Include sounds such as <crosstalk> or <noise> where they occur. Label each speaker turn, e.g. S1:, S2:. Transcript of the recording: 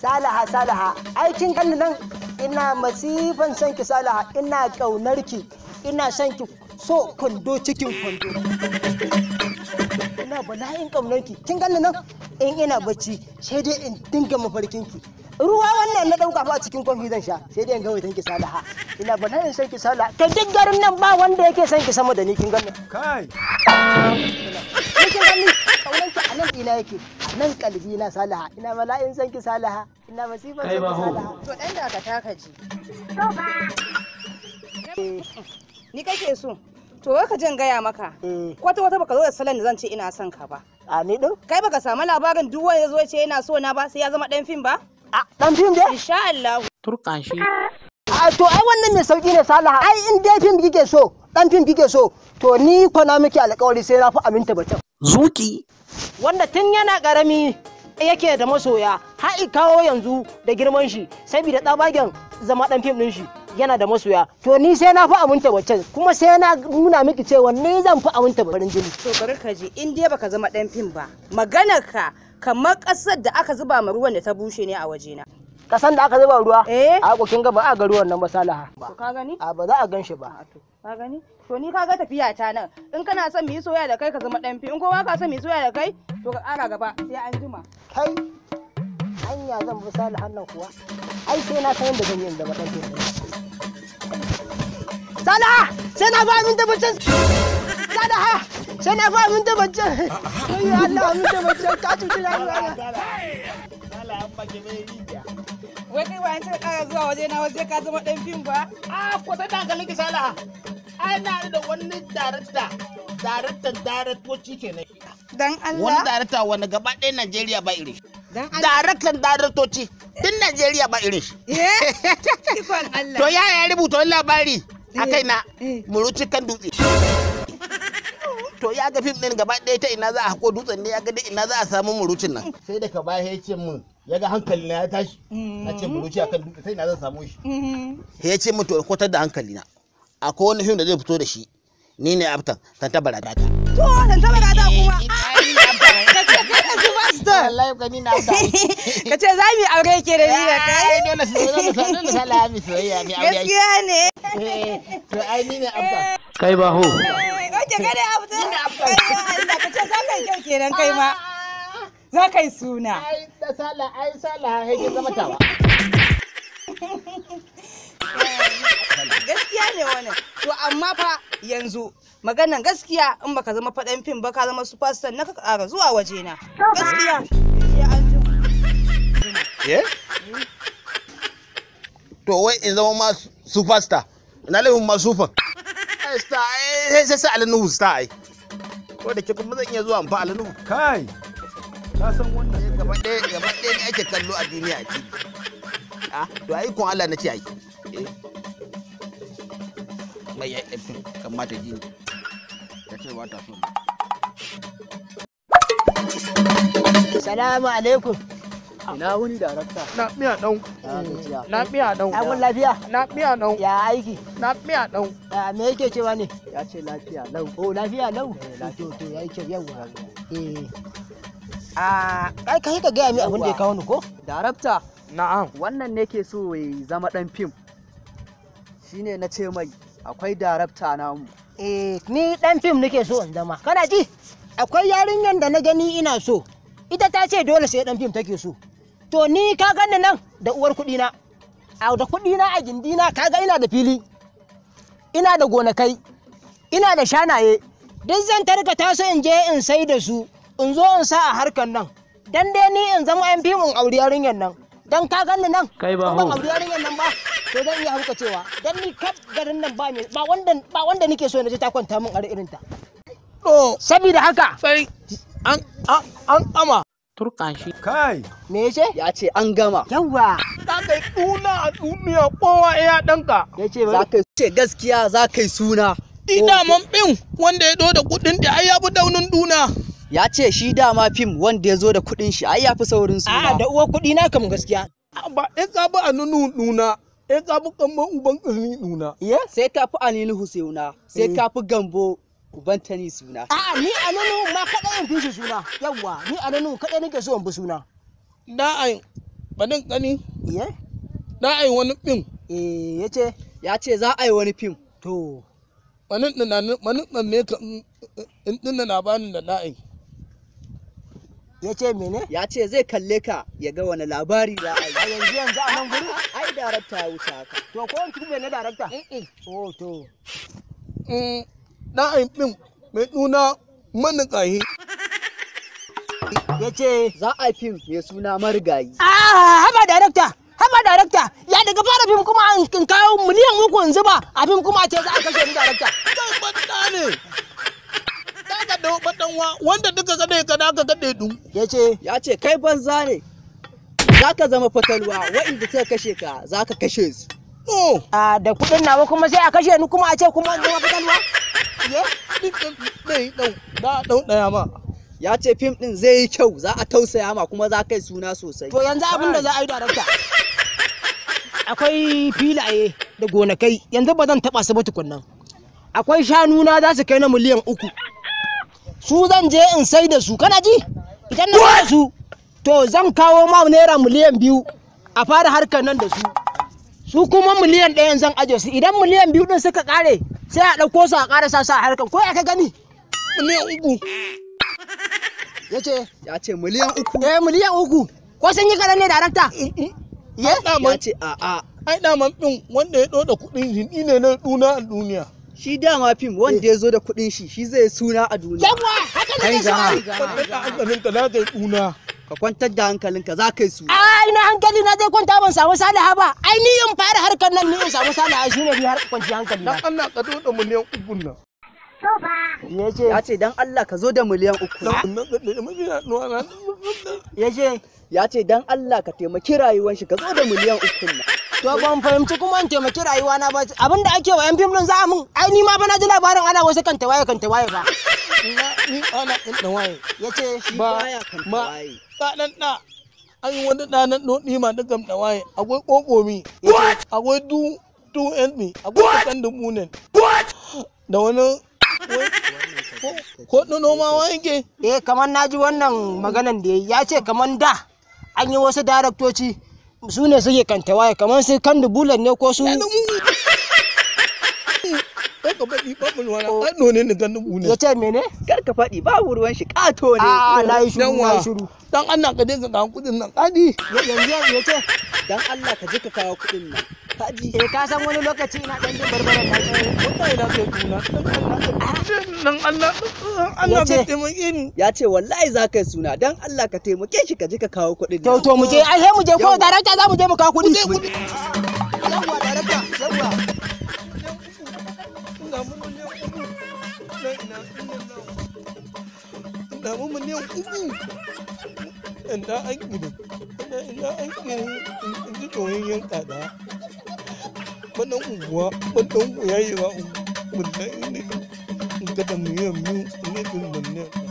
S1: salaha salaha aikin kan nan ina masifan son ki salaha ina kaunar ki ina son ki so kwando cikin kwando ina bala'in kaunar ki kin ganni nan in ina bacci sai dai in dinga mafarkin ki ruwa wannan na dauka fa cikin kofi zan sha sai dai in ga wai ki salaha ina bala'in son ki salaha kai duk nan ba wanda yake son ki sama da ni kin ganni kai kaunanki a nan ina yake nan kalbi na salaha ina mala'in san ki salaha ina masifan san ki salaha to dan da ka taka ji to eh. ba ni kake so to wai ka jin gaya maka eh. kwata wata baka zo da salon da zan ce ina son ka ba a ni din kai baka samu labarin duk wanda zo ce yana so na ba sai ya zama dan fim ba a dan fim dai insha Allah turka shi a to ai wannan mai sauki ne salaha ai in dai fim kike so dan fim kike so to ni kwana na miki alƙawari sai na fi aminta bacin zuki wanda tun yana ƙarami yake da masoya ha'i kawo yanzu da girman shi saboda tsabagen zama dan fim din shi yana da masoya to ni sai na fi aminta waccan kuma sai na nuna miki cewa ni zan fi aminta farin jini to bari ka je in dai baka zama dan fim ba maganar ka kamar kasar da aka zuba ma ruwan da ta bushe ne a wajena kasan da aka zuba ruwa eh. ko a kokin gaba a ga ruwan nan masalaha ba ka gani a ba za a gan ba ka gani to ni kaga tafiya ta nan in kana son mu yi soyayya da kai ka zama dan fi in ko ka son mu yi soyayya da kai to ka kara gaba sai an jima kai hanya zan bi sali hannan kuwa ai sai na san da zan yi zama dan fi sala sai na ba mun da bucin sala ha sai na ba mun da bucin ai Allah mun da bucin ka tuti na sala an ke mai rijiya wai kai bayan ta kara zuwa waje na waje ka zama dan fim ba a ko ta da galin kisala ai na da wani darakta darakta daraktoci kenan dan Allah wani darata wani gaba ɗaya Najeriya ba iri daraktan daratoci din Najeriya ba iri eh? <laughs> to ya ya rubuta wani labari a eh, kai na eh. muruci kan dutse <laughs> to ya ga fim ɗin gaba ɗaya ta ina za a hako dutsen ne ya ga ina za a samu murucin nan sai da ka ba ya ce mun ya ga hankali na ya tashi na ce mu akan dutse sai na zan samu shi sai ya ce mu to kwatar da hankali na akwai wani fim da zai fito da shi ni ne abtan tanta baragata to tanta baragata kuma <laughs> wallahi ka ni na abda <laughs> ka ce za mu aure ke da ni da kai dole su dole su Allah mi soyayya mi aure gaskiya ne eh, to ai ni ne abda eh. kai ba ho eh, kace kai ne abda ni ne abda Allah ka ce za ka yi kyau kenan kai ma ah. za ka yi suna ta ai sala zama gaskiya ne wannan to amma fa yanzu maganan gaskiya in baka zama faɗan fim ba ka zama superstar na ka ƙara zuwa waje na gaskiya eh? to wai in zama ma superstar ina laifin ma sufan eh, sai sai sai alinu star ai ko da ke kuma zan iya zuwa in fa alinu kai ka san wannan gaba ɗaya gaba ɗaya ne ake kallo a duniya ake a ah, to ai kun Allah na ce ai eh. mai ya ɗafin kan mata jini ta ce ba ta so Salamu alaikum. Ina wuni darakta. Na miya dau. Na miya dau. Ya mun lafiya? Na miya dau. Ya aiki? Na miya dau. me yake cewa ne? Ya ce lafiya lau. O oh, lafiya lau. Eh, to to ya yake yawa. Eh. Ai kai ka gaya mi abin da ya kawo ni ko? Darabta. Na'am. Wannan ne ke so ya zama dan fim. Shine na ce mai akwai darabta namu. Eh ni dan fim nake so in zama. Kana ji? Akwai yarinyar da na gani ina so. Ita ta ce dole sai dan fim take so. To ni ka gani nan da uwar kuɗi na. A da kuɗi na a gindi na kaga ina da fili. Ina da gonakai. Ina da shanaye. Duk zan tarka taso in je in sai da su. in zo in sa a harkar nan dan dai ni in zama yan fimin aure yarinyar nan dan ka ganni nan kai ba ban aure yarinyar nan ba to dan iya hauka cewa dan ni kaf garin nan ba ba wanda ba wanda nake so naje ta kwanta min are irin ta to saboda haka sai an an kama Turkan shi kai me yace ya ce an gama yawa ka kai tuna a duniya kowa ya danka yace za ka ce gaskiya za ka yi suna oh. ina man bin wanda ya doda kudin da ai ya bi daunin duna ya ce shi dama fim wanda ya zo da kuɗin shi ai ya fi saurin suna a da uwa kuɗi na kam gaskiya ba in tsabi a nunu nuna in kan kamar uban ƙirni nuna sai ka fi anilu husaina sai ka fi gambo uban tani suna a ni aninu ma kaɗai in fi suna yawwa ni aninu kaɗai nake so in fi suna da'ayin banin da ai wani fim Eh ya ce ya ce za a yi wani fim to manin ɗin na ne ka in ɗin na labarin da da'ayin ya ce mene ya ce zai kalle ka ya ga wani labari za a yi <laughs> yanzu yanzu a nan guri ai darakta ya wuce haka to ko wani tuɓe na darakta oh eh, eh. to ɗan mm, ɗin mai nuna maniƙahi ya ce za a fim mai suna marigayi ah haba darakta haba darakta ya daga fara fim kuma an kawo miliyan uku in zuba a fim kuma ce za a kashe ni darakta ne dan badanwa wanda duka gade ka da ka gade dun yace yace kai banza ne Za ka zama fatalwa wa'inda suka kashe ka za ka kashe su a da kudin nawa kuma sai a kashe ni kuma a ce kuma zama fatalwa ye dai dau da dau daya ma ya ce fim din zai yi kyau za a tausaya ma kuma za kai suna sosai to yanzu abin da za a yi darakta akwai filaye da gonakai yanzu ba zan taba su ba tukunnan akwai shanuna za su kai na miliyan uku su zan je in sai da su kana ji idan na sai su to zan kawo ma naira miliyan biyu a fara harkar nan da su su kuma miliyan ɗayan zan aje su idan miliyan biyu din suka ƙare sai a ɗauko su a ƙara sa harkar ko ya ka gani miliyan uku ya ce ya ce miliyan uku eh miliyan uku ko sun yi kaɗan ne darakta eh? ya ce a'a ai daman ɗin wanda ya ɗoda kuɗin shi ne na duna a duniya shi dama fim wanda eh. ya zo da kuɗin shi shi zai suna a duniya yawa haka ne zama ka kwantar da ka, za ka yi su ai na ah, hankali na zai kwanta ban samu salaha ba ai ni in fara harkar nan ni in samu salaha shine ni har kwanci hankali na dan Allah ka zo da miliyan uku na ya ce dan Allah ka zo da miliyan uku ya ce ya ce dan Allah ka taimaki rayuwar shi ka zo da miliyan uku na to ban fahimci kuma in taimaki rayuwa na ba abin da ake wa yan fim din za mun ai ni ma ba na ji labarin ana wasu kan tawaye kan tawaye ba ni ana din da waye yace shi ba kan tawaye dan da an yi dan ɗanan dodi ma dukkan tawaye akwai ƙoƙomi akwai du du me. akwai kan da munen da wani ko ɗono ma wa yake eh kamar naji wannan maganan da ya ce kamar da an yi wasu daraktoci su ne suke kantawaye kamar su kan dubulan ne ko su ka faɗi ba mu wani ano ne ga nubu ne. Yace mene? Kar ka faɗi babu ruwan shi kato ne. A na yi shiru na shiru. Dan Allah ka dinga kawo kuɗin nan kadi. ya ce. dan Allah ka je ka kawo kuɗin nan. kaji eh ka san wani lokaci ina ɗan jin barbaran ka wallahi Wata sai suna dan Allah Allah ka taimake ni ya ce wallahi za ka yi suna dan Allah ka taimake shi ka je ka kawo kuɗin to to mu je ai sai mu je ko darakta za mu je mu kawo kuɗi yawwa darakta yawwa mu ina ina Manungwa, Manungwa, Manungwa, Manungwa, Manungwa, Manungwa, Manungwa, Manungwa, Manungwa, Manungwa,